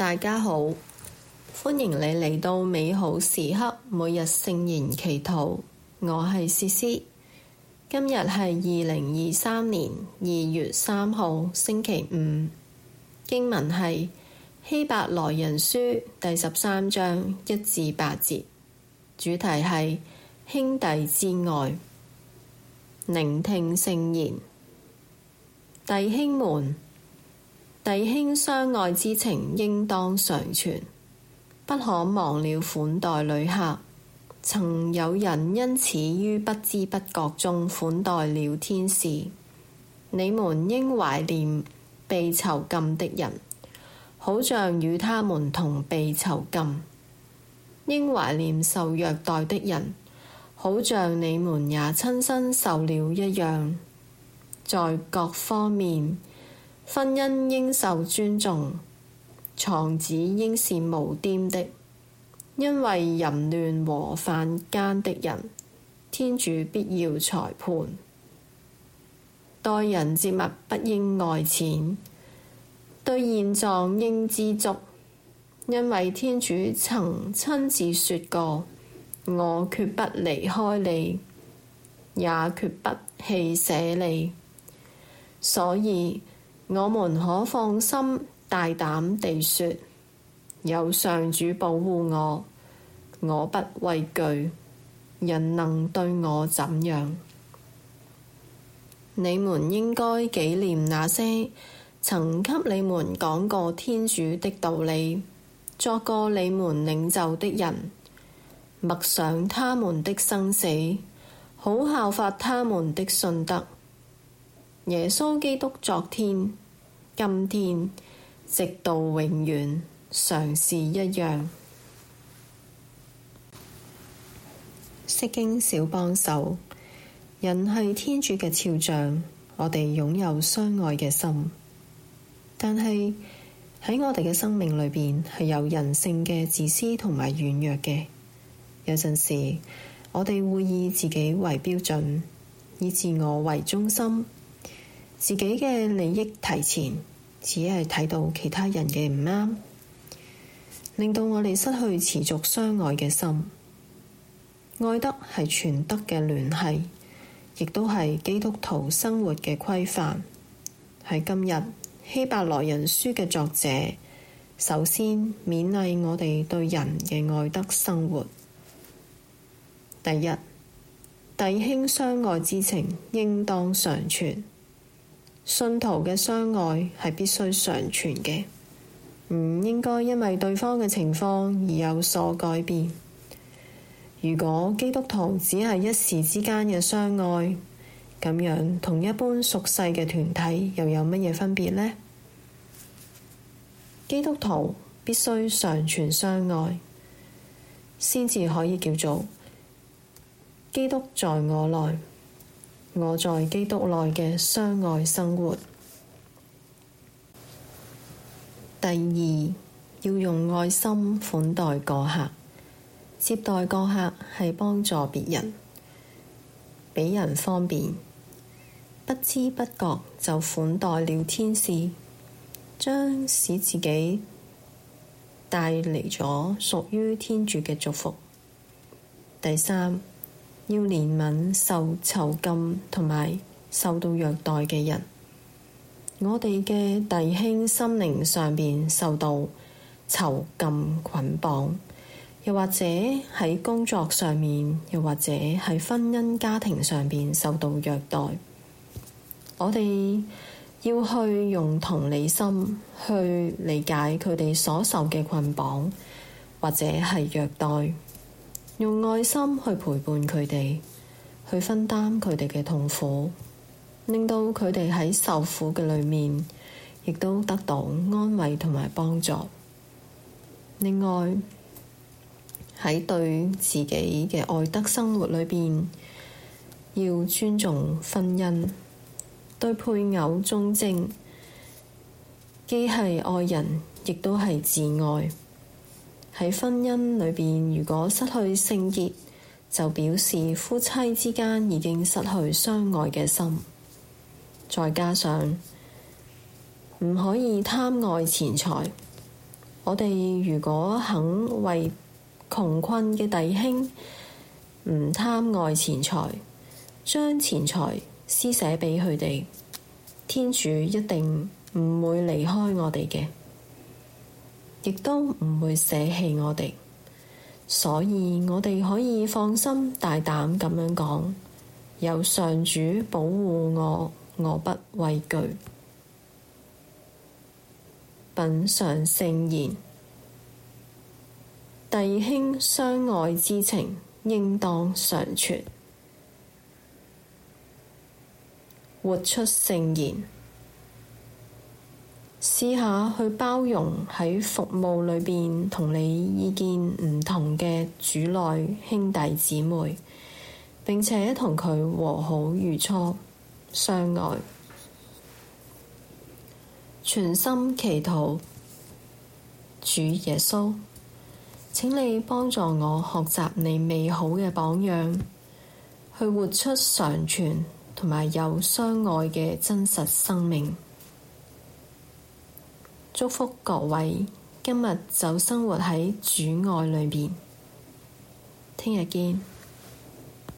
大家好，歡迎你嚟到美好時刻，每日聖言祈禱，我係詩詩。今日係二零二三年二月三號星期五，經文係希伯來人書第十三章一至八節，主題係兄弟之愛，聆聽聖言，弟兄們。弟兄相愛之情應當常存，不可忘了款待旅客。曾有人因此於不知不覺中款待了天使。你們應懷念被囚禁的人，好像與他們同被囚禁；應懷念受虐待的人，好像你們也親身受了一樣。在各方面。婚姻應受尊重，床笫應是無玷的，因為淫亂和犯奸的人，天主必要裁判。待人接物不應愛錢，對現狀應知足，因為天主曾親自說過：我決不離開你，也決不棄捨你，所以。我們可放心、大膽地說，有上主保護我，我不畏懼。人能對我怎樣？你們應該記念那些曾給你們講過天主的道理、作過你們領袖的人，默想他們的生死，好效法他們的信德。耶穌基督，昨天、今天、直到永遠，常是一樣。釋經小幫手，人係天主嘅肖像，我哋擁有相愛嘅心，但係喺我哋嘅生命裏邊係有人性嘅自私同埋軟弱嘅。有陣時，我哋會以自己為標準，以自我為中心。自己嘅利益提前，只係睇到其他人嘅唔啱，令到我哋失去持續相愛嘅心。愛德係全德嘅聯繫，亦都係基督徒生活嘅規範。喺今日，希伯來人書嘅作者首先勉勵我哋對人嘅愛德生活。第一，弟兄相愛之情應當常存。信徒嘅相愛係必須常存嘅，唔應該因為對方嘅情況而有所改變。如果基督徒只係一時之間嘅相愛，咁樣同一般屬世嘅團體又有乜嘢分別呢？基督徒必須常存相愛，先至可以叫做基督在我內。我在基督內嘅相愛生活。第二，要用愛心款待過客，接待過客係幫助別人，畀人方便，不知不覺就款待了天使，將使自己帶嚟咗屬於天主嘅祝福。第三，要憐憫受囚禁同埋受到虐待嘅人，我哋嘅弟兄心靈上邊受到囚禁捆綁，又或者喺工作上面，又或者喺婚姻家庭上邊受到虐待，我哋要去用同理心去理解佢哋所受嘅捆綁或者係虐待。用愛心去陪伴佢哋，去分擔佢哋嘅痛苦，令到佢哋喺受苦嘅裏面，亦都得到安慰同埋幫助。另外，喺對自己嘅愛德生活裏邊，要尊重婚姻，對配偶忠貞，既係愛人，亦都係自愛。喺婚姻裏邊，如果失去聖潔，就表示夫妻之間已經失去相愛嘅心。再加上唔可以貪愛錢財，我哋如果肯為窮困嘅弟兄唔貪愛錢財，將錢財施捨俾佢哋，天主一定唔會離開我哋嘅。亦都唔會捨棄我哋，所以我哋可以放心大膽咁樣講，有上主保護我，我不畏懼。品嘗聖言，弟兄相愛之情，應當常存。活出聖言。試下去包容喺服務裏邊同你意見唔同嘅主內兄弟姊妹，並且同佢和好如初。相愛。全心祈禱，主耶穌，請你幫助我學習你美好嘅榜樣，去活出常存同埋有相愛嘅真實生命。祝福各位，今日就生活喺主愛裏面，聽日見。